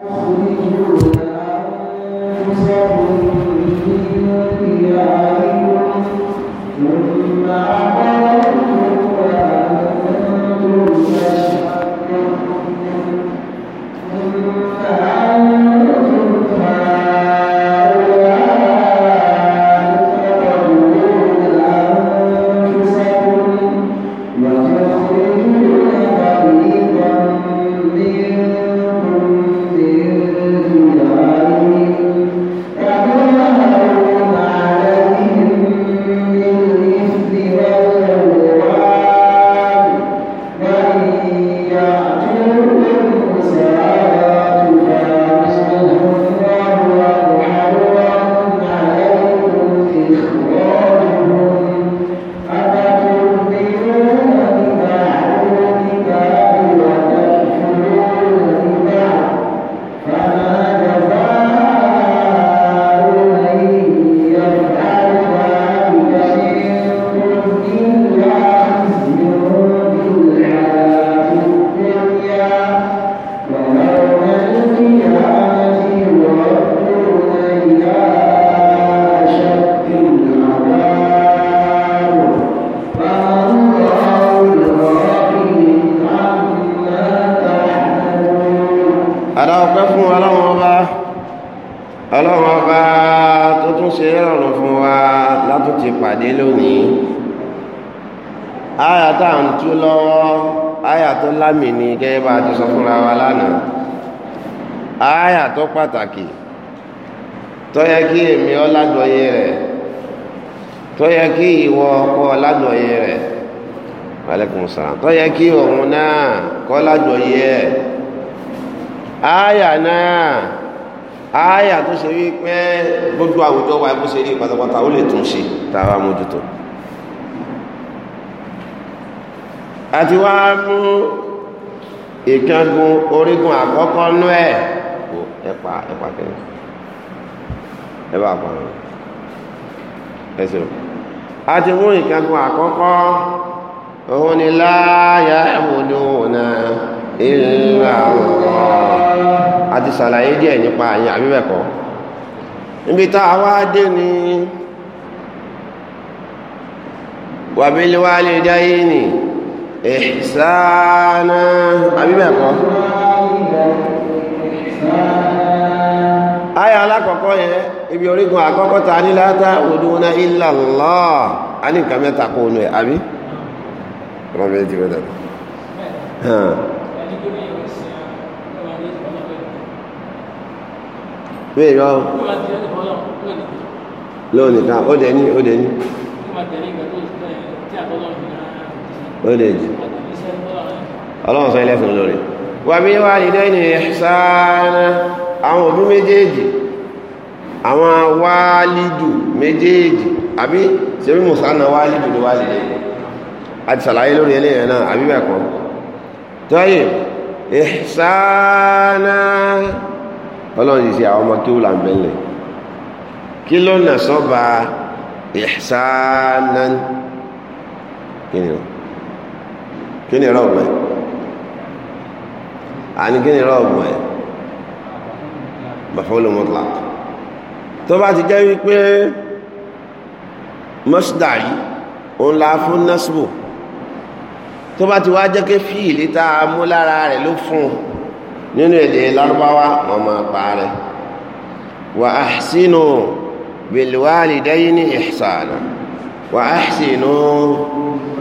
أنفسهم من ديارهم ثم bá a ti sọ fúnra wa lánàá àáyà tó pàtàkì tó yẹ kí èmi ọlájọyé rẹ̀ tó yẹ kí ìwọ ọkọ ọlájọyé rẹ̀ alaikum salaam tó yẹ kí òun náà kọ́ lájọyé ẹ̀ àáyà náà àáyà tó ṣe wípé gbogbo àwùjọ wa bó ṣe rí pátápátá ó lè tún ṣe tá a bá mójútó àti wá mú ìkángun orígun àkọ́kọ́ nú ẹ̀ ẹ̀pà ẹ̀pà kẹ́yìn ẹ̀pà pààrọ̀ a ti mú ìkángun àkọ́kọ́ òun ni láàyà ẹ̀mùdùnà ìlà ọ̀rọ̀ a ti ṣàlàyé díẹ̀ nípa àyìn àbíbẹ̀kọ́ níbi tá a wá dé ìsáná àbíbẹ̀kọ́ ayà alákọ̀ọ́kọ́ yẹn ibi orígun ta lọ a ní mẹ́ta kó onú ẹ̀ àbí rọ́bẹ̀ ti mẹ́ta bẹ́ẹ̀ yọ lónìí ká ó ó lè jù ọlọ́run sọ ilẹ̀ fún lórí wà bí wà ní dẹ́ni ihsana àwọn òbí méjèèjì àwọn wálìdù méjèèjì àbí sẹ́bí mùsànà wálìdù ní wálìdù àti sàlàyé lórí eléyàn náà àbí bẹ́ẹ̀ tọ́yì ihsana ọlọ́run sì ṣe àwọn ọmọ kíwù làǹbẹ̀lẹ̀ kí ló nà sọ́ba ihsana kí ni o kí ni rọ́ọ̀mù ẹ̀ àní kí ni rọ́ọ̀mù ẹ̀ maf'ul mutlaq tó bá ti jẹ́ wípé masdari òun la fún nasbu tó bá ti wá jẹ́ kí fíìlì tá mú lára rẹ̀ ló fún nínú èdè lárúbáwá wọn máa pa rẹ̀ wa ahsinu bil walidayni ihsana وأحسنوا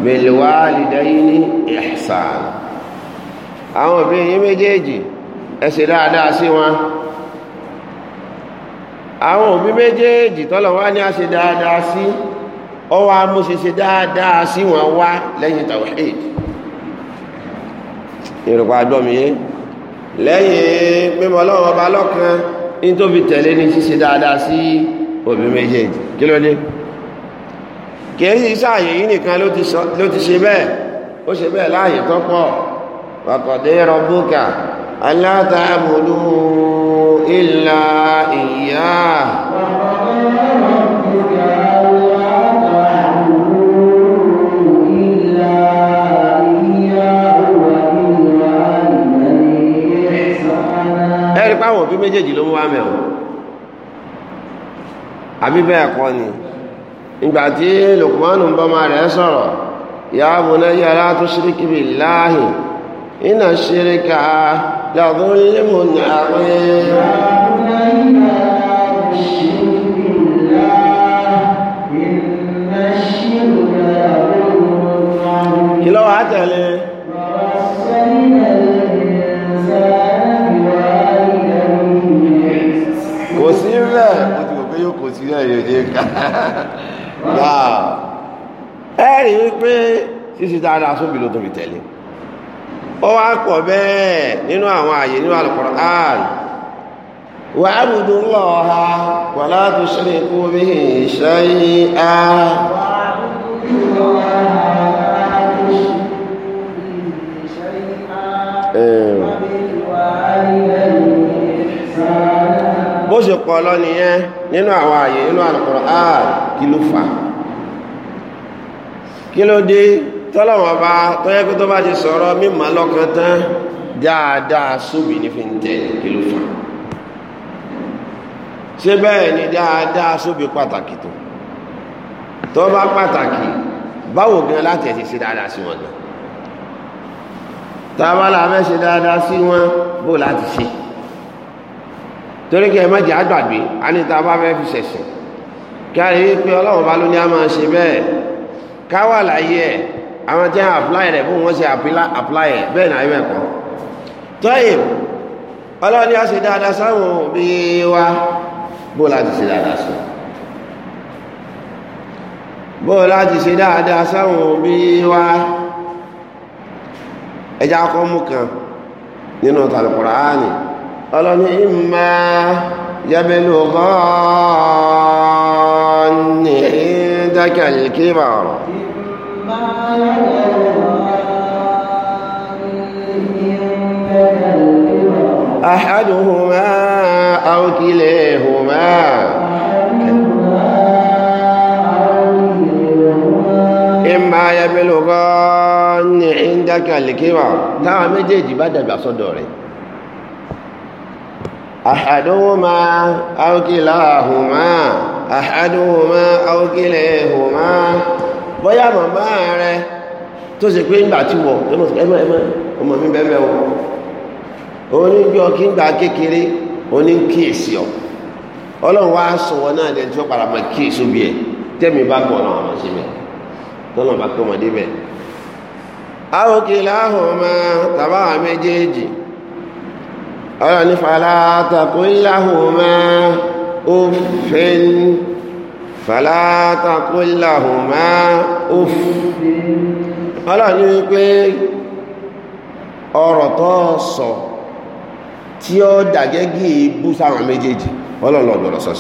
بالوالدين إحسانا àwọn òbí yín méjèèjì ẹ ṣe dáadáa sí wọn àwọn òbí méjèèjì tọ́lọ̀ wá ní a ṣe dáadáa sí ọwọ́ amúṣeṣe dáadáa sí wọn wá lẹ́yìn tawhid ìrùpá àdọ́mìyé lẹ́yìn mímọ̀ ọlọ́run ọba lọ́kan ní tó fi tẹ̀lé ní ṣíṣe dáadáa sí òbí méjèèjì kí ló dé kìí sáàyè yìí nìkan ló ti ṣe bẹ́ẹ̀ ó ṣe bẹ́ẹ̀ láàyè tó pọ̀ wàkọ̀dé rọ̀bùkà alátàbùlù ìlà ìyá ẹ̀rí páwọn òbí méjèèjì ló mú wá mẹ́wọ̀n àbí bẹ́ẹ̀ kọ́ ni ìgbà tí Lukmanu ń bọ́mọ rẹ̀ sọ̀rọ̀ ya bunayya la tushrik billahi inna shirka la dhulmun adhim ìlọ́wọ́ àtẹ̀lé kò sí rẹ̀ kò sí rẹ̀ yóò jẹ́ ká ẹ̀rí wípé ṣíṣe dáadáa sóbì ló tóbi tẹ̀lé ó wá pọ̀ bẹ́ẹ̀ nínú àwọn àyè nínú Al-Qur'an wa'budu Allaha wa la tushriku bihi shay'an bó ṣe pọ̀ lọ nìyẹn nínú àwọn àyè nínú Al-Qur'an kí ló fà kí ló dé tọ́lọ́wọ́n bá tọ́yẹ́ pé tó bá ti sọ̀rọ̀ mímọ́ lọ́kàn tán dáadáa sóbì ní fi ń tẹ̀ kí ló fà ṣé bẹ́ẹ̀ ni dáadáa sóbì pàtàkì tó tó bá pàtàkì báwo gan láti ẹ̀ ti ṣe dáadáa sí wọn gan tábàlà fẹ́ ṣe dáadáa sí wọn bó láti ṣe torí kí ẹ má jẹ́ àgbàgbé a ní tábà fẹ́ fi ṣẹ̀sìn kárí wípé ọlọ́run bá ló ní a máa ṣe bẹ́ẹ̀ káwà láyé ẹ̀ àwọn tí wọ́n apply rẹ̀ fún wọ́n ṣe apply ẹ̀ bẹ́ẹ̀ náà ibẹ̀ kọ́ tọ́yìn ọlọ́run ni a ṣe dáadáa sáwọn òbí wa bó láti ṣe dáadáa sùn bó láti ṣe dáadáa sáwọn òbí wa ẹja kọ́ mú kan nínú tàlùkùránì ọlọ́run ìmọ̀ yẹbẹ̀lú ọgọ́rùn الظن عندك الكبر أحدهما أو كليهما إما يبلغن عندك الكبر táwọn méjèèjì bá dàgbà sọ́dọ̀ rẹ̀ أحدهما أو كلاهما àhádùnmá àwòkílẹ̀ ẹ̀hùnmá bóyá màmá rẹ tó sì pé ńgbà tí wọ̀ ẹmọ ẹmọ ọmọ mi bẹ́ẹ̀ mẹ́wọ̀ oníjọ kí ńgbà kékeré oní kíyèsí ọ ọlọ́run wá sọ wọn náà dẹ̀ tí ó padà máa kíyèsí ẹ tẹ́mi bá gbọ́ sí mi tọ́nà bá kọ́ ọmọdé bẹ́ẹ̀ tàbá méjèèjì ọlọ́run ní ńlá أف فلا تقل لهما أف ọlọ́run wípé ọ̀rọ̀ tó sọ tí ó dàgẹ́gì bú sáwọn méjèèjì ọlọ́run ló sọ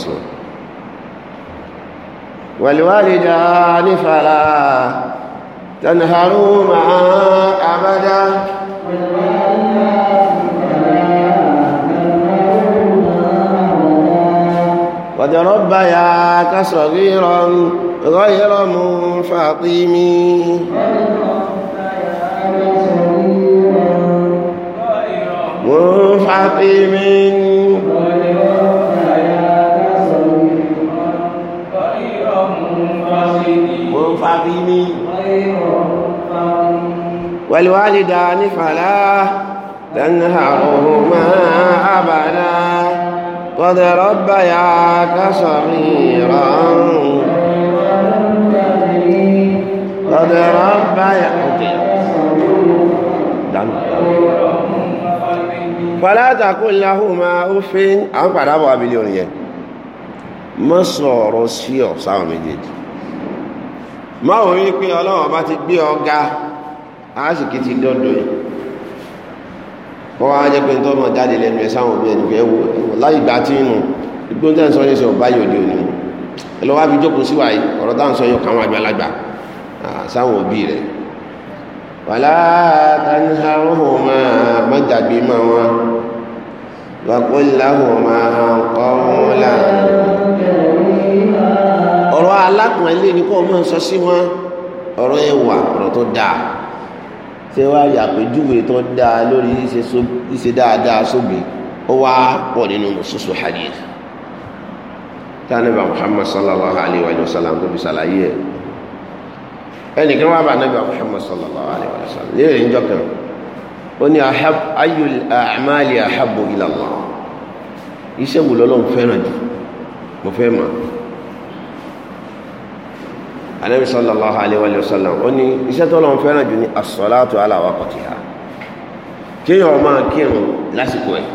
sí قد ربيا كصغيرا غير منفطم منفطم منفطم والوالدان فلا تنهرهما أبدا قد ربياك صغيرا قد ربياك فلا تقل لهما اف àwọn padà bọ̀ abìlẹ̀ orin yẹn mọ́ sọ̀rọ̀ sí ọ̀ sáwọn méjèèjì máa wọ́n wí pé ọlọ́run bá ti gbé ọ̀gá a sì kí ti dọ́dọ̀ yìí wọ́n wá jẹ́ pé tọ́mọ̀ jáde lẹ́nu ẹ̀ sáwọn òbí ẹnìkan ẹ̀wò láì gbà tí nù igbó tẹ́ ń sọ ní sọ báyìí òde òní ẹ lọ́wọ́ fi jókòó sí wàyí ọ̀rọ̀ tá ń sọ yọ káwọn àgbàlagbà sáwọn òbí rẹ̀ wàlá tanharuhuma máa mọ́jàgbé máa wọn waqul lahuma qawlan ọ̀rọ̀ alákùnrin lé ní kó o sọ sí wọn ọ̀rọ̀ ẹwà ọ̀rọ̀ tó dáa ṣé wá rí àpèjúwe tó dáa lórí ṣíṣe dáadáa sóbì ó wá pọ̀ nínú nususu hadith tánibà muhammad sallallahu alayhi wa sallam tó fi ṣàlàyé ẹ̀ ẹnìkan wá bá nábì muhammad sallallahu alayhi wa sallam léèrè ń jọkàn ó ní ayyul a'mali ahabbu ila iṣẹ́ wo lọ́lọ́run fẹ́ràn jù mo fẹ́ anabi sallallahu alayhi wa sallam ó ní iṣẹ́ tó lọ́n fẹ́ràn jù ní asọ́látò aláwakọ̀tì ha kéèyàn máa kírun lásìkò ẹ̀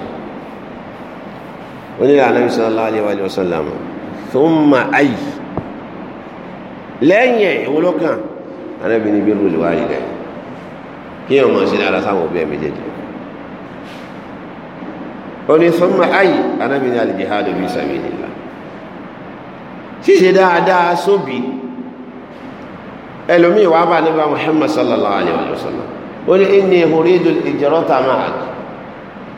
ó ní anabi sallallahu alayhi wa sallam thumma ayy lẹ́yìn ẹ̀ ìwọlọ́kàn anabi ní birrul walidayn kéèyàn máa ṣe dára sáwọn òbí ẹ̀ méjèèjì ó ní thumma ayy anabi ní al jihadu fi sabilillah ṣíṣe dáadáa sóbì ẹlòmíì wàá bá nígbà muhammad sallallahu alayhi wa sallam ó ní inni huridu ìjọrọta máa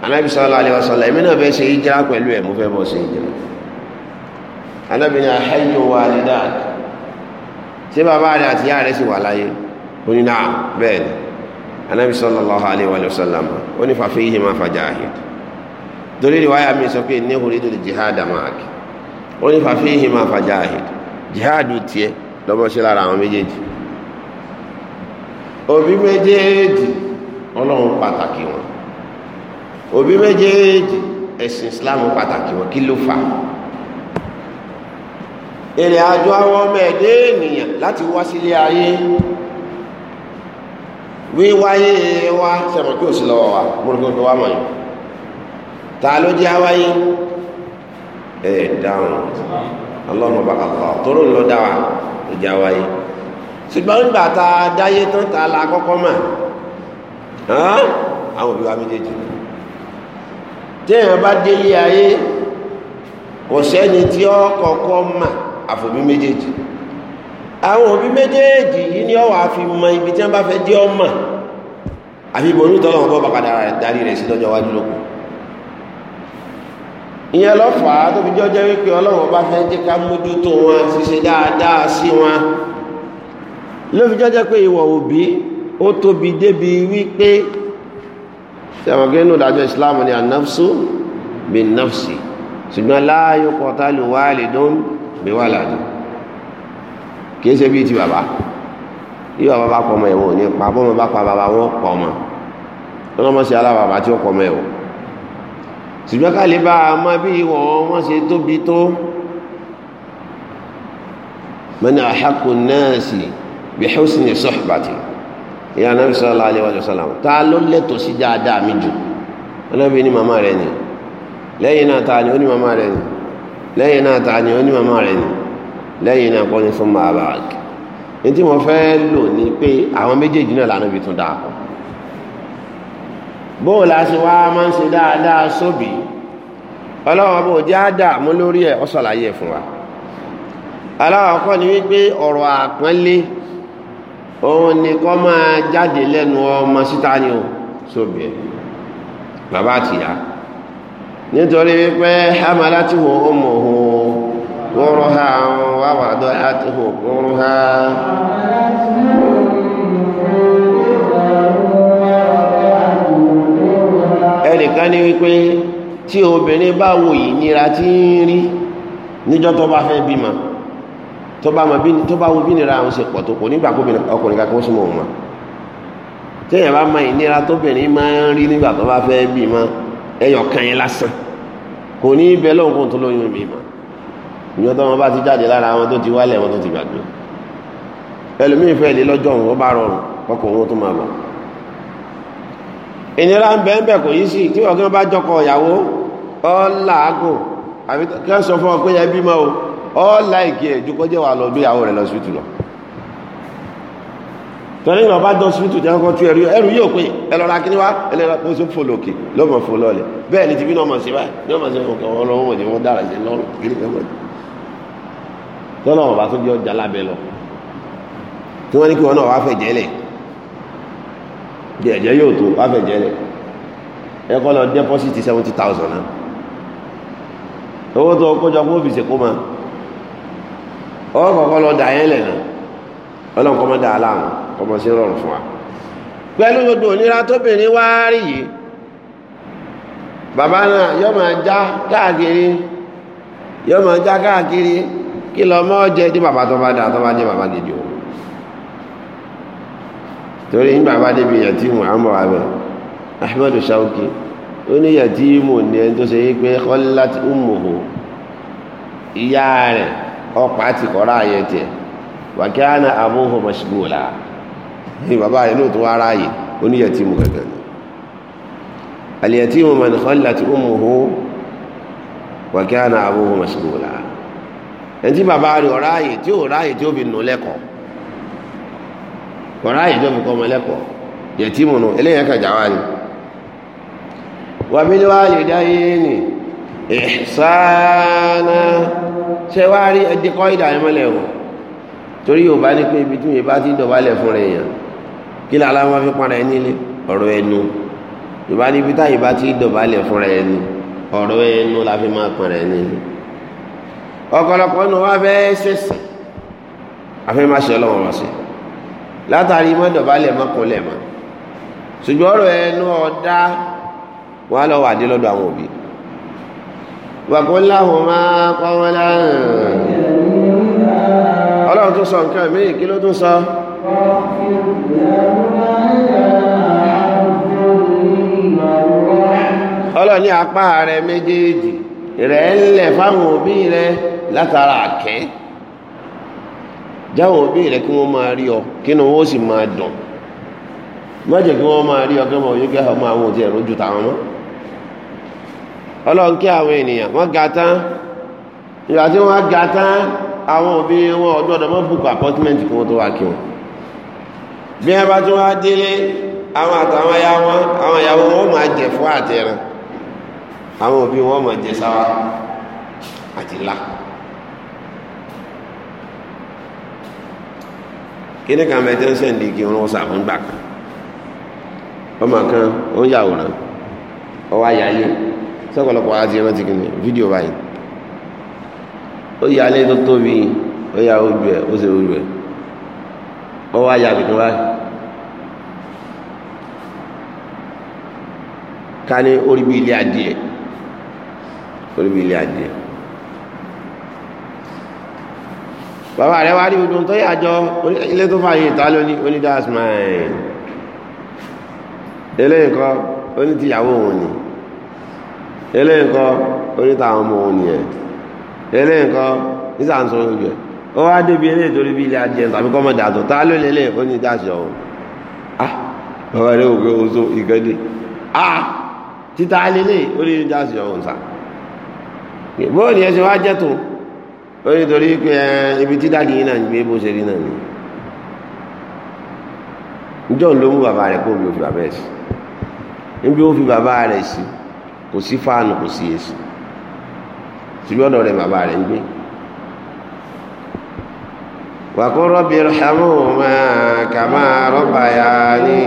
anabi sallallahu alayhi wa sallam èmi náà fẹ́ ṣe ìjìrá pẹ̀lú ẹ̀ mo fẹ́ bọ́ ṣe ìjìrá anabi ní ahẹ́yìn wa ní dáadáa ṣé bàbá rẹ̀ àti ìyá rẹ̀ sì wà láyé ó ní náà bẹ́ẹ̀ ni anabi sallallahu alayhi wa sallam ó ní fàfẹ́ yìí máa fàjà ahìd torí riwaya mi sọ pé inni huridu jihada máa ó ní fàfẹ́ yìí máa fàjà ahìd jihadu tiẹ̀ lọ́mọ ṣe lára àwọn méjèèjì Obi méjèèjì ọlọ́run pàtàkì wọn òbí méjèèjì ẹ̀sìn islam pàtàkì wọn kí ló fà ìrìn àjò àwọn ọmọ ẹ̀dẹ́ ènìyàn láti wá sílé ayé wíwáyé wa sẹ̀mọ̀ kí o sí lọ́wọ́ wa múrùkún tó wá mọ̀ yìí ta ló jẹ́ àwáyé ẹ̀ dáhùn ọlọ́run bá kàkọ́ tó ló ń lọ dáwà ló jẹ́ àwáyé ṣùgbọ́n nígbà tá a dáyé tán tá a la kọ́kọ́ mọ̀ àwọn òbí wa méjèèjì téèyàn bá délé ayé kò sẹ́ni tí ó kọ́kọ́ mọ̀ àfòbí méjèèjì àwọn òbí méjèèjì yìí ni ó wà fi mọ ibi tí wọ́n bá fẹ́ dé ọmọ àfi ìbò onítọ́ lọ́wọ́ bọ́ bàkàdà darí rẹ̀ sí lọ́jọ́ iwájú lóko ìyẹn lọ́fàá tó jọ́jọ́ wípé Ọlọ́run bá fẹ́ jẹ́ ká mójútó wọn ṣiṣẹ́ dáadáa sí wọn ló fi jọ́jọ́ pé ìwọ̀ òbí ó tóbi débi wípé sẹ́wọ̀gẹ́nù dájọ́ ìsìláàmù ni ànáfsù bí náfsì ṣùgbọ́n láàyò kọta lù wá lè dún bí wà ládù kìí ṣe bíi ti bàbá bí bàbá bá pọ̀ ọmọ ẹ̀wọ̀n ò ní pa bọ́mọ bá pa bàbá wọn pọ̀ ọmọ ọlọ́mọ sí alábàbà tí ó pọ̀ ẹ̀wọ̀n ṣùgbọ́n ká lè bá a mọ bí ìwọ̀ wọn ṣe tóbi tó mẹ́ni àhàkùn náà sì bihusni sohbati ìyá anabi sallallahu alayhi wa sallam ta ló lẹ́tọ̀ ta ni ó ní màmá rẹ̀ ni lẹ́yìn náà ni ó ní màmá rẹ̀ ni lẹ́yìn náà kọ́ ni fún màá bá kí mo fẹ́ lò ní pé àwọn méjèèjì náà lànà ibi tún dáa kọ́ bóò òun ni kọ́ máa jáde lẹ́nu ọmọ síta ni o sóbì ẹ̀ bàbá àtìyá nítorí wípé hamalatuhu ummuhu kúrúhà wa wada'atuhu kúrúhà. ẹnìkan ní wípé tí obìnrin bá wo ìnira tí ń rí níjọ́ tó bá fẹ́ bímọ. tó bá wo bí àwọn ṣe pọ̀ tó kò nígbà ọkùnrin kankan ó súnmọ́ òun mọ́ téèyàn bá máa ìnira tóbìnrin máa ń rí nígbà tó bá fẹ́ bí mọ́ ẹyọ kan yẹn lásán kò ní bẹ lóhùn kó tó lóyún mi mọ́ ìyọ́n tó wọn bá ti jáde lára wọn tó ti wálẹ̀ wọn tó ti gbàgbé ẹlòmíín fẹ́ lé lọ́jọ́ òun ó bá rọrùn ọkùnrin tó máa lọ ìnira ń bẹ ń bẹ kò yí sí tí ọ̀gá bá jọkọ̀ ìyàwó ọ ọ láìkí ẹ ju kọjá wa lọ gbé ìyàwó rẹ lọ síbítù lọ torí ìwọ̀n bá dán síbítù tí wọ́n kọ́ tú ẹrú ẹrú yóò pé ẹ lọ ra kí ni wá ẹ lọ kó sọ fò lòkè ló mọ̀ fò lọ́ọ̀lẹ̀ bẹ́ẹ̀ ni tìbí náà mọ̀ sí báyìí ní ọmọ sí ọkọ̀ ọlọ́wọ́ mọ̀ sí wọn dára sí lọ́rùn kí ni wọ́n tọ́lọ́ wọn bá tó jẹ́ ọjà lábẹ́ lọ tí wọ́n ní kí wá fẹ̀ owó tó kọjọ kó fi kó máa ọ kọ̀kọ́ lọ dà yẹn lẹ̀nà ọlọ́run kọ́ mọ́ dà sí rọrùn fún wa pẹ̀lú gbogbo òníra tóbìnrin wá rí yìí bàbá náà yọ́ máa já káàkiri yọ́ máa já káàkiri kí lọ mọ́ jẹ tí bàbá tó bá dà tó bá jẹ o torí ní débi abẹ ó ní ní ẹni tó ṣe pé ọ̀pá ti kọ́ra ayẹ tiẹ̀ wàkí àná abúhù mashgula ní bàbá rẹ̀ lóòótọ́ ara ayè oníyẹtí mu gẹ̀gẹ̀ ni àlìyẹtí mu man khallat ummuhu wàkí àná abúhù mashgula ẹni tí bàbá rẹ̀ ọ̀rá ayè tí ò ráyè tí ó fi nù lẹ́kọ̀ọ́ ọ̀rá ayè tí ó fi kọ́ ọmọ lẹ́kọ̀ọ́ yẹtí mu nù eléyàn kàjà wá ni wàbí ni wàá lè dá yé ni ihsana ṣe wá rí ẹdín kọ́ ìdá ẹmọ́lẹ̀ o torí yóò bá ní pé ibi tí mi bá ti dọ̀bálẹ̀ fún rẹ̀ yàn kí ni aláwọ̀ fi pọ́nra ẹni lé ọ̀rọ̀ ẹnu ìbá ní ibi táyì bá ti dọ̀bálẹ̀ fún rẹ̀ ẹni ọ̀rọ̀ ẹnu la fi máa pọ́nra ẹni lé ọ̀pọ̀lọpọ̀ nù wá fẹ́ ṣèṣì àfẹ́ má ṣe ọlọ́wọ́n wá sí látàrí mọ́ dọ̀bálẹ̀ mọ́ kúnlẹ̀ mọ́ ṣùgbọ́n ọ̀rọ̀ ẹnu ọ̀dá wọn á lọ lọ́dọ̀ àwọn òbí وقل لهما قولا ọlọ́run tó sọ nǹkan mìí kí ló tún sọ ọlọ́run ní apá rẹ méjèèjì rẹ̀ ń lẹ̀ fáwọn òbí rẹ látara àkẹ́ jáwọn òbí rẹ kí wọ́n máa rí ọ kí ni wọ́n sì máa dùn mọ́jẹ̀ kí wọ́n máa rí ọ kí wọ́n máa yóò gẹ́ ọmọ àwọn òjẹ̀ rójú tàwọn mọ́ ọlọ́run kí àwọn ènìyàn wọ́n ga tán ìgbà tí wọ́n ga tán àwọn òbí wọn ọdún ọdọ wọn bùkún apọ́tímẹ́ǹtì kí wọ́n tó wá kí wọn bí wọn bá tún wá délé àwọn àtàwọn ya wọn àwọn ìyàwó wọn máa jẹ fún àtẹrán àwọn òbí wọn máa jẹ sáwá àti là kíní kan bẹ tẹ́ ń sẹ́ǹdì kí wọ́n sàfún gbà kan ọmọ kan ó ń yàwòrán ọwọ́ ayáyé sọ́kọ̀lọpọ̀ àti ẹran ti kìnnì fídíò báyìí ó yà alẹ́ tó tóbi ó yà ojú ẹ̀ ó sì ojú ẹ̀ ó wá yà kìnnì báyìí ká ní orí bí ilé adìẹ orí bí ilé adìẹ bàbá rẹ wá rí gbogbo tó yà jọ ilé tó fààyè ìta lóní oní dasmine eléyìí kan oní tìyàwó òun ni. eléyìí nkọ oríta àwọn ọmọ òun nìyẹn eléyìí kọ́ nísà ń sọ ó wá débi eléyìí torí bí ilé ajẹ́ tàbí kọ́mọ̀ dàtọ̀ tá ah bàbá rẹ̀ òkè oṣù ìgẹ́dẹ̀ ah títa lélẹ̀ ó ní dáṣọ òun sà bóun ni ẹ ṣe wá jẹ́ tó ibi bó ṣe rí ìjọ́ ló mú bàbá rẹ̀ kó kò sí fáànù kò sí èsì síbi ọ̀dọ̀ rẹ̀ bàbá rẹ̀ ń gbé wàkó rọ́bì rẹ̀hámù máa kà máa rọ́bà yá ní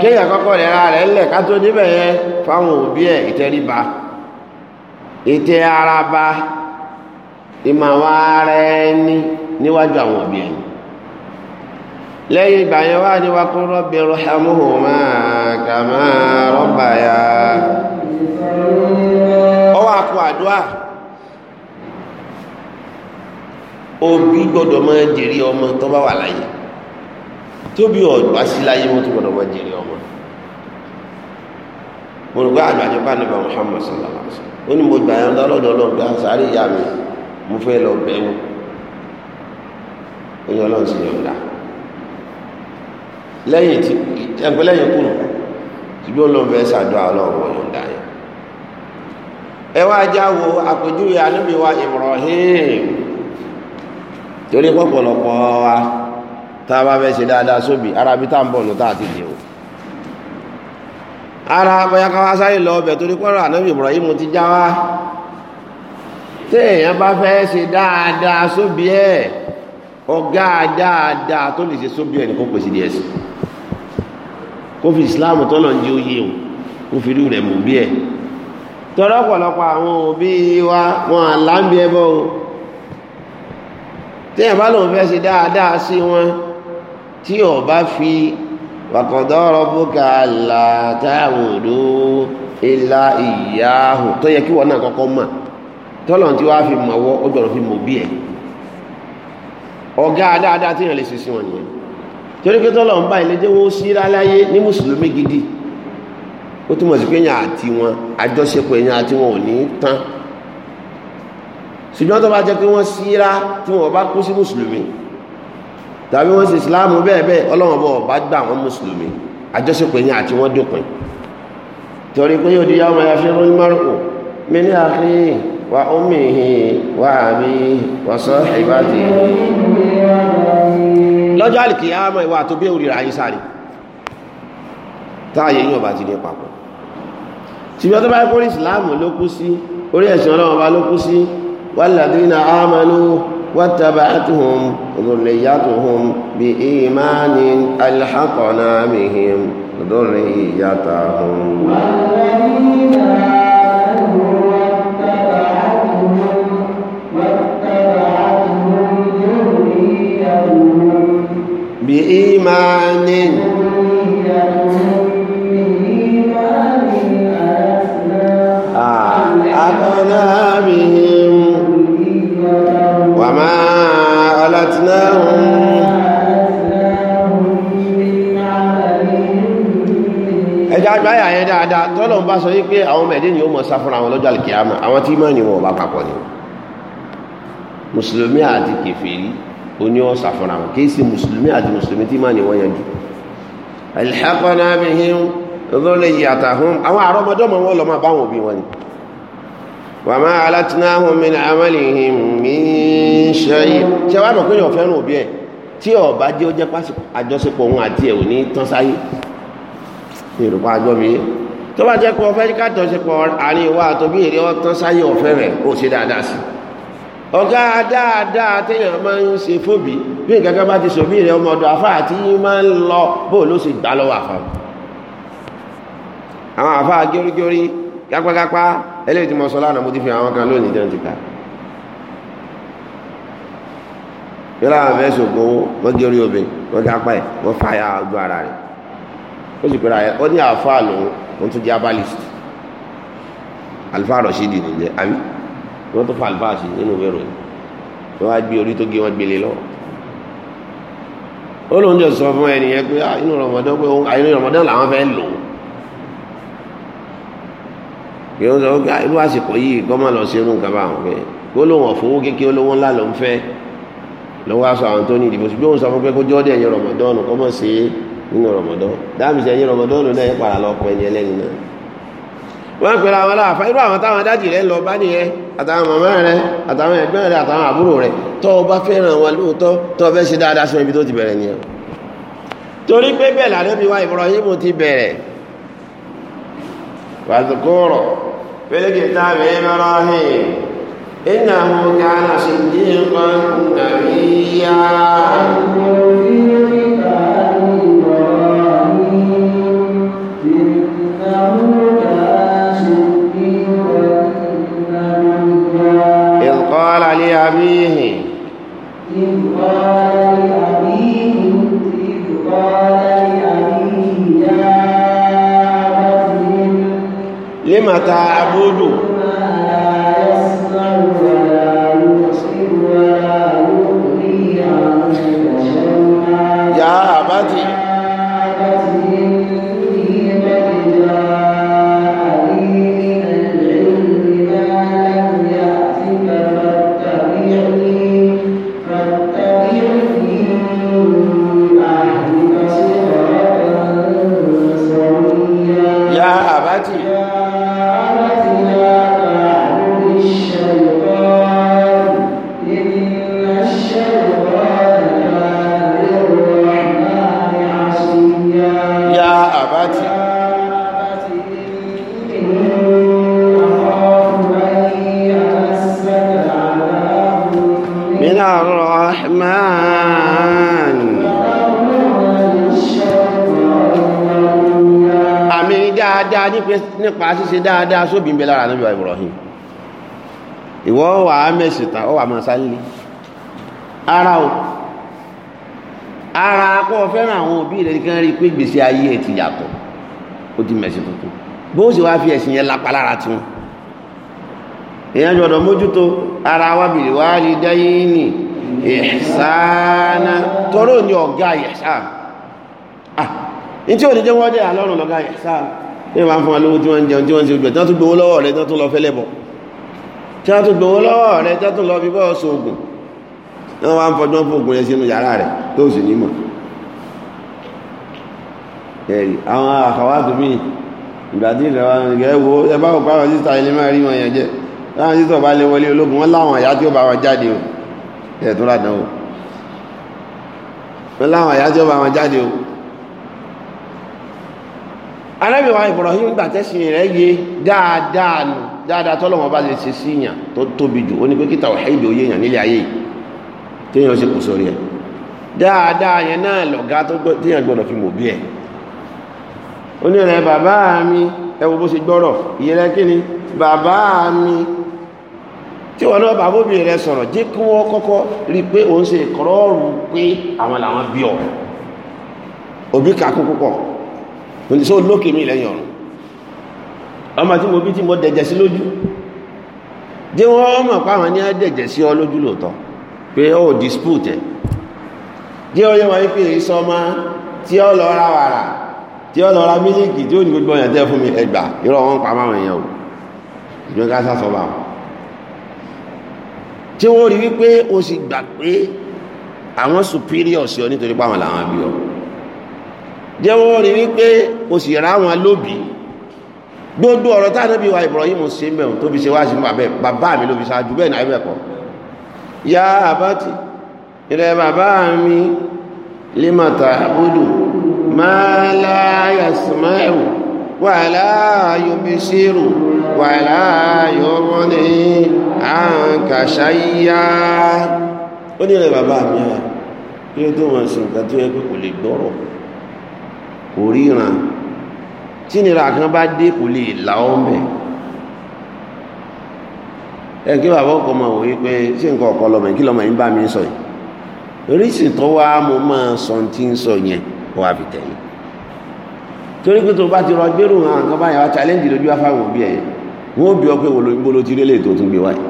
kéèyàn kọ́kọ́ rẹ̀ ra rẹ̀ ńlẹ̀ ká tó níbẹ̀ yẹn fáwọn òbí ẹ̀ ìtẹríba ètè araba ìmọ̀ àwọn ara ẹni níwájú àwọn òbí ẹni lẹ́yìn ìgbà yẹn wá ní wa qul rabbi irhamuhuma kama rabbaya ó wá kó àdúà òbí gbọ́dọ̀ jèrè ọmọ tó bá wà láyé tóbi jèrè ọmọ mo àgbàjọ bá nípa Muhammad sallallahu alaihi ó ní mo gbà yẹn lọ́dọ̀ ah, sáré ìyá mi mo fẹ́ lẹ́yìn tí ẹgbẹ́ lẹ́yìn kùnù ṣùgbọ́n ló ń fẹ́ ṣàdúrà ọlọ́run yóò dá yẹn ẹ wá àpèjúwe ànábì wa Ibrahim torí pọ̀pọ̀lọpọ̀ wa tá a bá fẹ́ ṣe dáadáa sóbì ara bí tá à ń bọ̀ ló tá a ti dì ara bóyá ká sáré lọ ọbẹ̀ torí pọ́nrọ́ ànábì Ibrahim ti já wá téèyàn bá fẹ́ ṣe dáadáa sóbì ẹ̀ ọ̀gá dáadáa tó lè ṣe sóbì ẹ̀ ní kó pèsè díẹ̀ sí i kó fi islam tọ́lọ̀ ń jẹ́ oyè o kó fi irú rẹ̀ mú bí ẹ̀ tọ́lọ́ ọ̀pọ̀lọpọ̀ àwọn òbí wa wọn àlámbí ẹbọ o téèyàn bá lòun fẹ́ ṣe dáadáa sí wọn tí ò bá fi wàkọ̀dọ́rọ̀ bókà là táwọn òdó ilá ìyáhù tó yẹ kí wọn náà kọ́kọ́ mọ̀ tọ́lọ̀ tí wàá fi mọ̀wọ́ ó gbọ́dọ̀ fi mọ̀ bí ẹ̀ ọ̀gá dáadáa téèyàn lè ṣe sí wọn nìyẹn torí pé tọ́lọ̀ ń bá ilé jẹ́ wọ́n síra láyé ní mùsùlùmí gidi ó túmọ̀ sí pé yàn àti wọn àjọṣepọ̀ yàn àti wọn ò ní tán ṣùgbọ́n tó bá jẹ́ pé wọ́n síra tí wọ́n bá kú sí mùsùlùmí tàbí wọ́n sì ìsìláàmù bẹ́ẹ̀ bẹ́ẹ̀ ọlọ́wọ́n bọ̀ bá gbà wọ́n mùsùlùmí àjọṣepọ̀ yàn àti wọ́n dópin torí pé yóò di yá ọmọ ya rún márùkù mi ní àfihàn wa ó mìíràn wa àbí wa sọ ìbátì lọ́jọ́ àlìkìyàmọ̀ ìwà tó bẹ́ òrìrà yìí sáré táàyè yìí ọba ti ní papọ̀ ṣùgbọ́n tó bá yẹ kórìí ìsìláàmù ló kú sí orí ẹ̀sìn ọlọ́run ọba ló kú sí walladhina amanu wattaba'athum dhurriyyatuhum bi imanin alhaqna bihim dhurriyyatahum walladhina إيمان أقنابهم وما ألتناهم ẹjá àgbáyà yẹn dáadáa tọ́lọ̀ ń bá sọ wípé àwọn mẹ̀dẹ́ ni ó mọ̀ sá fúnra lọ́jọ́ àlùkìyàmà àwọn tí mọ́ ni wọn bá papọ̀ ni mùsùlùmí àti kèfèrí oní ọ̀sà fúnra wọn kìí sí mùsùlùmí àti mùsùlùmí tí máa ní wọ́n yanjú alhaqana bihim dhurriyyatahum àwọn àrọ́mọdọ́mọ wọn lọ máa bá wọn òbí wọn ni wa ma alatnahum min amalihim min shay ṣe wá mọ̀ pé yọ̀ fẹ́ràn òbí ẹ̀ tí ọba jẹ́ ó jẹ́ àjọṣepọ̀ òun àti ẹ̀ ò ní tán sáyé yorùbá àjọ mi tó bá jẹ́ pé ọfẹ́ kájọṣepọ̀ àárín ìwà àtọ́bí èrè ọ̀tán sáyé ọ̀fẹ́ rẹ̀ ó ṣe dáadáa sí i ọ̀gá dáadáa téèyàn máa ń ṣe fóbi bí nǹkan kan bá ti sòbí rẹ̀ ọmọ ọ̀dọ̀ àfáà tí yín máa ń lọ bó ló sì gbá lọ́wọ́ àfáà àwọn àfáà gíórígíórí kápákápá eléyìí tí mo sọ lánàá mo ti fi àwọn kan lónìí jẹun ti ká yọlá àwọn fẹ́ sògùn owó wọ́n gé orí obìnrin wọ́n gá pa ẹ̀ wọ́n fa ya ojú ara rẹ̀ ó sì pera ẹ̀ ó ní àfáà lòun ó tún jẹ́ abalist alifa rọ̀ṣídì nìyẹn àbí wọ́n tó fa àlùfáàsì nínú ìwé ìròyìn wọ́n á gbé orí tó gé wọ́n gbélé lọ. ó lóun jọ sọ fún ẹni yẹn pé ah, inú rọmọdán pé inú rọmọdán làwọn fẹ́ lò kí wọ́n sọ pé ah, irú àsìkò yìí kọ́ máa lọ sí irú nǹkan báwọn pé kó lóun ọ̀fọwọ́ kékeré olówó ńlá ló ń fẹ́ lọ́wọ́ aṣọ àwọn tó ní ìdìbò ṣùgbọ́n òun sọ fún pé kó jọ́ọ́dẹ̀ ẹ̀yìn rọmọdán kọ́ mọ̀ sí nínú rọmọdán dáàbìsì ẹ̀yìn rọmọdán àtàwọn màmá rẹ àtàwọn ẹ̀gbọ́n rẹ àtàwọn àbúrò rẹ tó o bá fẹ́ràn wọn lóòótọ́ tó o fẹ́ ṣe dáadáa sí ibi tó ti bẹ̀rẹ̀ nìyẹn torí pé bẹ́ẹ̀ lànàbí wa Ibrahim ti bẹ̀rẹ̀ wàzùkúrò fẹ́lẹ́gì قال لأبيه إذ قال لأبيه إذ قال لأبيه يا لم تعبد dáadáa nípa ṣíṣe dáadáa sóbi ń bẹ lára níbi Ibrahim ìwọ wà á mẹ́sì tán ọ wà máa sálé ara o ara kọ́ fẹ́ràn àwọn òbí rẹ̀ nìkan rí pé gbèsè ayé ẹ̀ ti yàtọ̀ ó ti mẹ̀sì tuntun bó sì wá fi ẹ̀sìn yẹn lápá lára tiwọn èèyàn gbọ́dọ̀ mójútó ara wa bìrì wá rí dáyé ní ìsáná tọrọ ní ọ̀gá ìsáà ah ní tí ò ní jẹ́ wọ́n jẹ́ àlọ́run lọ́gá ìsáà ní ìbá fún alówó tí wọ́n jẹun tí wọ́n ti gbẹ̀ tán tó gbowó lọ́wọ́ rẹ̀ tán tó lọ fẹ́lẹ̀ bọ̀ tí wọ́n tó gbowó lọ́wọ́ rẹ̀ tán tó lọ fi bọ́ ọ̀sùn ogun ní wọ́n bá ń fọjọ́ fún ogun rẹ̀ sínú yàrá rẹ̀ tó sì nímọ̀ ẹ̀rì àwọn àkàwà tó mí ìgbà tí ìjọba ẹ̀ wo ẹ bá òpá àwọn sísá ilé máa rí wọn yẹn jẹ láwọn sísá bá lé wọlé ológun wọn láwọn àyá tí ó bá wọn jáde o ẹ̀ tó ládàá o wọn láwọn àyá tí ó bá wọn jáde o arábìnrin Ibrahim gbà tẹ́sìn rẹ̀ yé dáadáa nù dáadáa tọ́lọ́wọ́n bá lè ṣe sí yàn tó tóbi jù ó ní pé kíta òhèdè òye yàn nílé ayé téèyàn ṣe kò sórí ẹ̀ dáadáa yẹn náà lọ̀gá téèyàn gbọ́dọ̀ fi mọ̀ bí ẹ̀ ó ní rẹ̀ bàbá mi ẹ bó ṣe gbọ́rọ̀ ìyẹlẹ kí ni bàbá mi tí wọn náà bàbá obìnrin rẹ sọ̀rọ̀ jẹ́ kí wọ́n kọ́kọ́ rí i pé òun ṣe ìkọ́rọ̀ọ̀rù pé àwọn làwọn bí ọ òbí kà kú púpọ̀ kò ní sọ lókè mi lẹ́yìn ọ̀run ọmọ tí mo bí tí mo dẹ̀jẹ̀ sí lójú jẹ́ wọ́n mọ̀ páwọn ní dẹ̀jẹ̀ sí ọ lójú lóòótọ́ pé ó dispute ẹ̀ jẹ́ ọyẹ́ wọn pé sọ ọmọ tí ó lọ ra wàrà tí ó lọ ra mílíkì tí ó ní gbogbo ọ̀yàn tẹ́ fún mi ẹgbà irọ́ wọn pa máwọn èèyàn o ìjọ ká sá sọ bá wọn tí wọ́n rí wípé o sì gbà pé àwọn superior sí ọ nítorí páwọn làwọn bí ọ jẹ́ wọ́n rí wípé o sì rá wọn lóbi gbogbo ọ̀rọ̀ tá ànábì wa Ibrahim ṣe ń bẹ̀rùn tó fi ṣe wá sí bàbá mi ló fi ṣáájú bẹ́ẹ̀ náà ẹ̀kọ́ ya àbátì ilẹ̀ bàbá mi límàtà àbúdù ó ní ilẹ̀ bàbá mi à kí ó tó wọn sùn kàtó ẹgbẹ́ kò lè gbọ́rọ̀ kò ríran tí nira kan bá dé kò lè là ọ́ mẹ́ ẹ kí bàbá ọkọ máa wòye pé ṣé nǹkan ọkọ lọmọ yìí kí lọmọ yìí ń bá mi sọ yìí oríṣìí tó wá mo máa sọ ti ń sọ yẹn wọ́n á fi tẹ̀lé torí pé tó bá ti rọ gbérù hàn kan báyìí wá challenge lójú wá fáwọn òbí ẹ̀ wọ́n ó bí ọ pé wò ló ń gbóló ti rélé tó tún gbé wáyé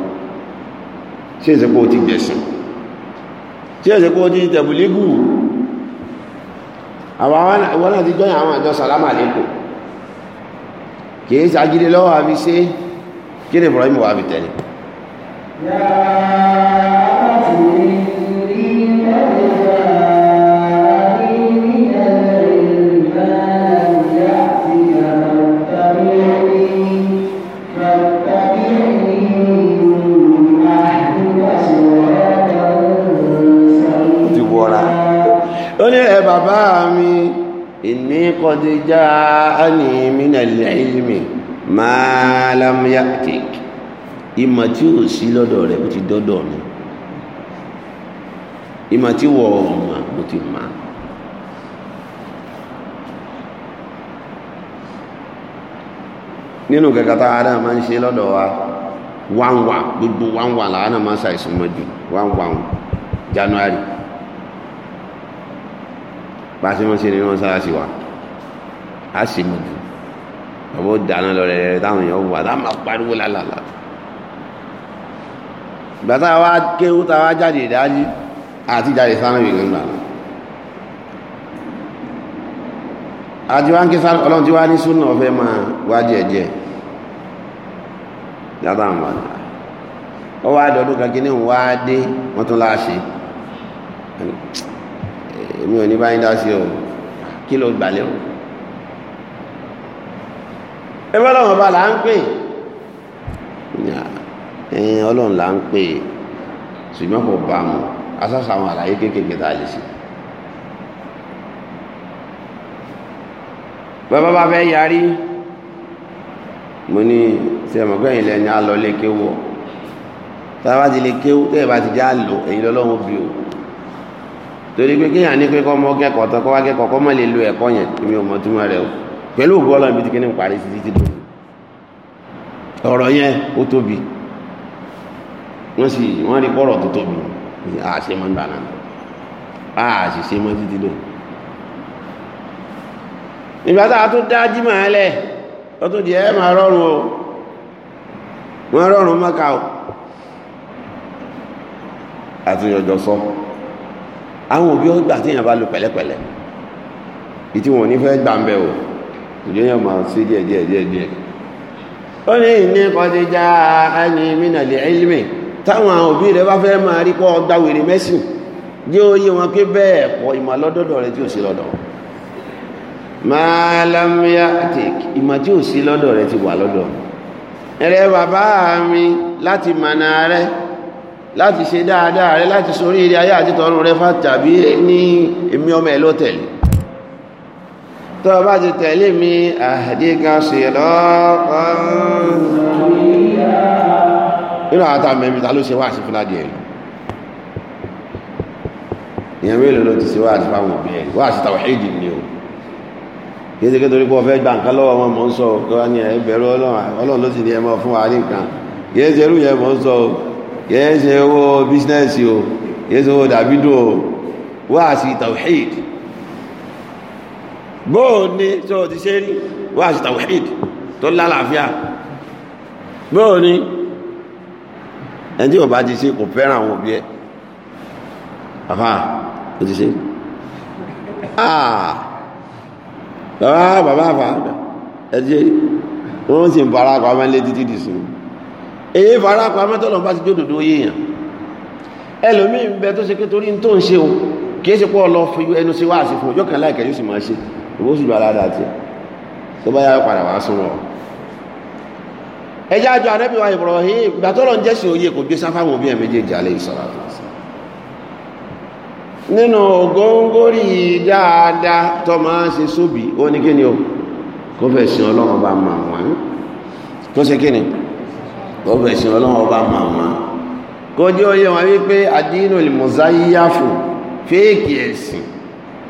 ṣé èsè pé o ti gbẹ̀sìn ṣé èsè ti tẹ̀bùlígù àwọn àwọn náà ti jọyìn àwọn àjọ sàlámà lẹ́kọ̀ọ́ kìí ṣàgídé lọ́wọ́ àfi ṣe kí ni Ibrahim wà fi tẹ̀lé. yàrá bàbá mi ìní kọdíjá ánì mínàlẹ̀ ìlmi máa lámúyá kéèkì ìmọ̀ tí ò sí lọ́dọ̀ rẹ̀ bó ti dọ́dọ̀ mi ìmọ̀ tí wọ̀ ọ̀mà bó ti máa nínú kẹkẹta ara máa ń ṣe lọ́dọ̀ wa wáńwà gbogbo wáńwà làánà máa ń ṣàìsàn mọ́jú january pàṣẹ mọ́ sí ni wọ́n sára sí wa á sì mọ̀ jù àbọ̀ dáná lọ rẹ̀ rẹ̀ táwọn èèyàn wà láwọn máa pariwo lálàlà bàtà wa kéwú tá a wá jáde ìdájí àti jáde sáré ìgbìmọ̀ gbà náà àti wá ń ké sáré ọlọ́run tí wá ní súnà ọ̀fẹ́ máa wá díẹ̀díẹ̀ yàtọ̀ àwọn àná ọ wá dọdún kan kí ni wá dé wọ́n tún láṣẹ èmi ò ní bá yín dá sí o kí ló gbà lérò ẹ bá lọ́wọ́ bá là ń pè ẹ̀yìn ọlọ́run là ń pè ṣùgbọ́n kò bá mu asáṣà àwọn àlàyé kéékèèké tá a lè ṣe bàbá bá fẹ́ yarí mo ní sẹ́mọ̀kọ́ ẹ̀yìn lẹ́ni á lọ lé kéwọ́ tá a bá ti lè kéwọ́ tẹ́ ẹ bá ti já lò ẹ̀yìn lọ́lọ́run bí o. torí pé ní pé kọ́ mọ́ kẹ́kọ̀ọ́ tán wá kẹ́kọ̀ọ́ kọ́ mọ́ lè lo ẹ̀kọ́ yẹn èmi ò mọ̀ rẹ̀ o pẹ̀lú ògbó ọlọ́run kíní parí dùn ọ̀rọ̀ yẹn ó tóbi wọ́n sì wọ́n rí pọ̀rọ̀ tó tóbi àṣẹ mọ́ náà mọ́ a tún dá di máa rọrùn o wọ́n rọrùn mọ́ka o àtúnyọjọ sọ́ọ́ àwọn òbí ó gbà téèyàn bá lò pẹ̀lẹ́pẹ̀lẹ́ ìtí wọn ò ní fẹ́ gbà ń bẹ̀ o òjò yẹn máa ṣe díẹ̀ díẹ̀ díẹ̀ díẹ̀ ó ní ìní kọjíjá ẹni mínàlẹ̀ ilmi táwọn òbí rẹ bá fẹ́ máa rí kọ́ ọgbà wèrè mẹ́sìn jẹ́ ó yé wọn pé bẹ́ẹ̀ kọ́ ìmọ̀ lọ́dọ̀dọ̀ rẹ tí ò sí lọ́dọ̀ máa lámúyá tèkì ìmọ̀ tí ò sí lọ́dọ̀ rẹ ti wà lọ́dọ̀ rẹ bàbá mi láti mànà rẹ láti ṣe dáadáa rẹ láti sorí ilé ayé àti tọrún rẹ fà tàbí ní èmi ọmọ ẹ̀ ló tẹ̀lé tó bá ti tẹ̀lé mi àdígan sí lọ́pọ̀ nínú àwọn àtàmẹ́bí ta ló ṣe wá sí fúnládìí ẹ̀lú ìyẹn mélòó ló ti ṣe wá sí fáwọn òbí gbà nǹkan lọ́wọ́ wọn mọ̀ ń sọ ọ̀kọ́ ní ọlọ́run ló sì ní ẹmọ fún wa ní nǹkan kìí ṣe irú yẹn sọ ọ̀kọ́ kìí ṣe business, bísínẹ́sì o kìí ṣe owó dàbídò o wáàsí tawhid bóò ní tó ti ṣe rí wáàsí tawhid tó lálàáfíà bóò ní ẹni tí ò bá ti ṣe kò fẹ́ràn àwọn òbí ẹ àfà ó ti ṣe ah! bàbá bàbá àfà ẹ ti ṣe wọ́n sì ń bára pa ọmọ ilé títí dì sùn èyí fara pamọ́ tọ́lọ̀ bá ti jódòdó yéèyàn ẹlòmíì ń bẹ tó ṣe pé torí tó ń ṣe òun kìí ṣe pọ́ ọ lọ fi ẹnu sí wáàsí fún ọjọ́ kan láìkẹ́ yóò sì máa ṣe ìwọ sì lọ aládàá tiẹ̀ tó bá yára padà wá sún wọn. ẹ jẹ́ àjọ ànábì wa Ibrahim ìgbà tó lọ ń jẹ́sìn òye kò gbé sáfà wọn bí ẹ̀ méjèèjì alẹ́ ìsọ̀rọ̀ àti ìsìn. nínú góńgórì dáadáa tó máa ń ṣe sóbì ó ní kíni o kó fẹ́ sin ọlọ́run bá máa wọ́n tó ṣe kíni gbọ́dọ̀ ẹ̀sìn ọlọ́run ọba màmá kọjú ọyẹ wọn wípé àdínú ìmọ̀sáyíyáfò fẹ́ẹ̀kì ẹ̀sìn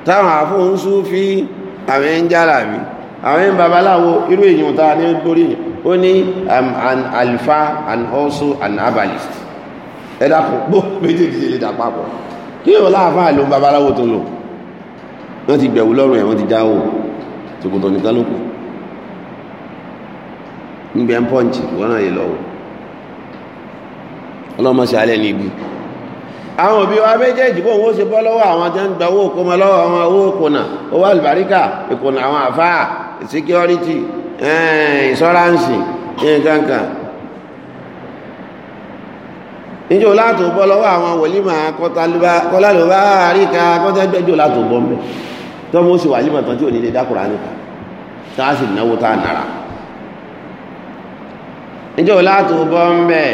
táwọn àfóhùn Súfí àwọn ń jára mi àwọn ń babaláwo irú èyàn ní gbórí ó ní um, an alfa and also an herbalist ẹ dàpọ̀ gbó méjèèjì ṣe lè dà papọ̀ kí ló láàfáà ló ń babaláwo tó lò wọ́n ti gbẹ̀wò lọ́rùn ẹ̀ wọ́n ti dáwò tòkòtò nìkan ló ń bẹ ń pọ́ǹchì wọ́n náà yẹ lọ́wọ́ ọlọ́mọ sí alẹ́ níbi àwọn òbí wa méjèèjì bóun ó ṣe bọ́ lọ́wọ́ àwọn tó ń gba owó kó lọ́wọ́ àwọn owó kùnà owó ìkùnà àwọn security ìṣọ́ránsì eh, eh, nǹkan kan látò bọ́ lọ́wọ́ àwọn wòlímà kọlálùbá àríkà kọ́tẹ́gbẹ́jọ́ látò bọ́ mẹ́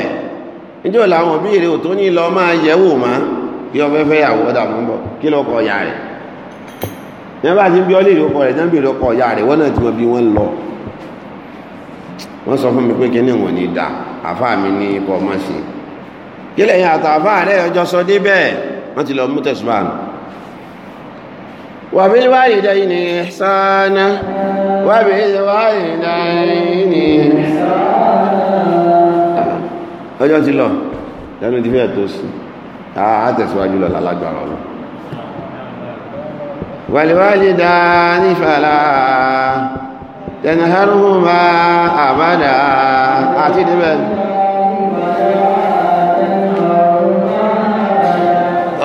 níjọ́ làwọn òbí rẹ̀ ò tó ní lọ máa yẹ̀wò má kí ọfẹ́ fẹ́ yàwó ọ̀dà mọ́ bọ̀ kí lọ́kọ̀ ọ̀yà rẹ̀ ní bá ń bí ọ́ léèrè rẹ̀ ní bèèrè rẹ̀ wọ́n náà ti mọ bí wọ́n lọ wọ́n sọ fún mi pé kí ni wọ́n ní da àfáà mi ní ikọ̀ ọmọ sí i kí lẹ́yìn àtọ̀ àfáà rẹ̀ ọjọ́ sọ dé bẹ́ẹ̀ wọ́n ti lọ mú tẹ̀síwáàmù وفي الوالدين إحسانا وبالوالدين إحسانا ọjọ́ ti lọ lẹ́nu ti fẹ́ tó sí a tẹ̀síwájú lọ lálágbára ọ̀rọ̀ wàlíwájú dá nífàlá tẹ̀nàhárùn-ún máa àbádà àti níbẹ̀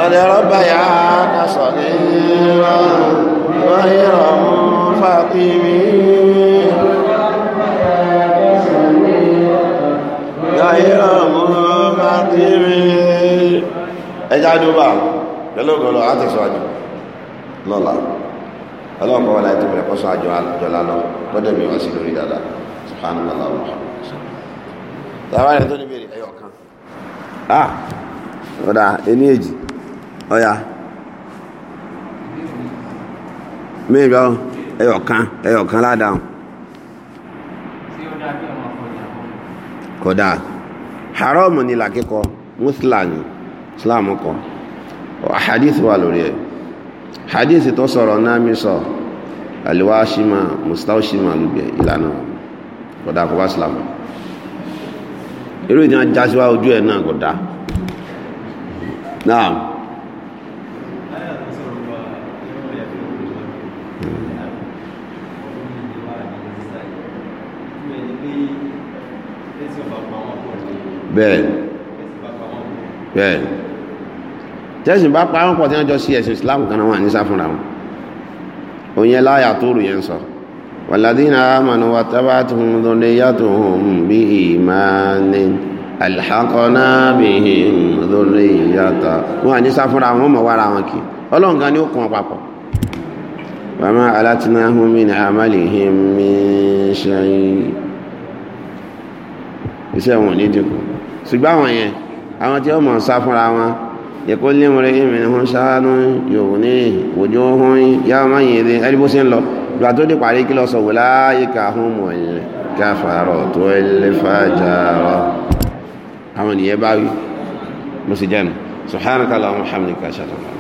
ọ̀dẹ̀ rọ́bà yá kásọ̀ ní ìrọ̀rùn ẹjá ní ó bá lọ́lọ́gọ́lọ́ àtẹ̀síwájú lọ́la ọlọ́pàá wọlé àti ìbẹ̀rẹ̀ kọ́sọ́ àjọ àjọlá lọ lọ́dẹ̀ mi wá sí lórí dáadáa sùpánù lọ́la wọn. tàbá rẹ̀ tó níbi ẹ̀yọ̀ kan. a ọ̀dà ẹni èjì ọ̀yà mẹ́jọ ẹ̀yọ̀ kan ẹ̀yọ̀ kan ládàá. kódà haram ni làkíkọ Muslim islam kọ́ hadith wà lórí ẹ̀ hadith tó sọ̀rọ̀ náà mi sọ aliwashima mustaushima lùgbẹ̀ ìlànà kódà kò bá islam irú ìdíwọ̀n jásíwá ojú ẹ̀ náà kódà náà bẹ́ẹ̀ bẹ́ẹ̀ tẹ́sìn bá pa wọn pọ̀ tí wọ́n jọ sí ẹ̀sìn islam kan náà wà ní sáfúnra wọn òyìn láyà tó rù yẹn sọ wàládínà àmàna wà tábà tó ń dọ́lé yàtọ̀ ohun bí ìmáni alhakọ́nà bí dọ́lé yàtọ̀ wọn ní sáfúnra wọn mọ̀ wára wọn kì ọlọ́run gan ni ó kàn papọ̀ bàmá alátinà homi ní àmàlì himi ṣẹyìn iṣẹ́ wọn ní dínkù ṣùgbọ́n àwọn yẹn àwọn tí wọ́n mọ̀ sáfúnra wọn يقول لمرئ منهم شان يغنيه وجوه يومئذ البسين لو بعدو دي parí kí ló sọ اولئك هم الكفرة الفجرة àwọn ìyẹn bá wí سبحانك اللهم وبحمدك اشهد ان لا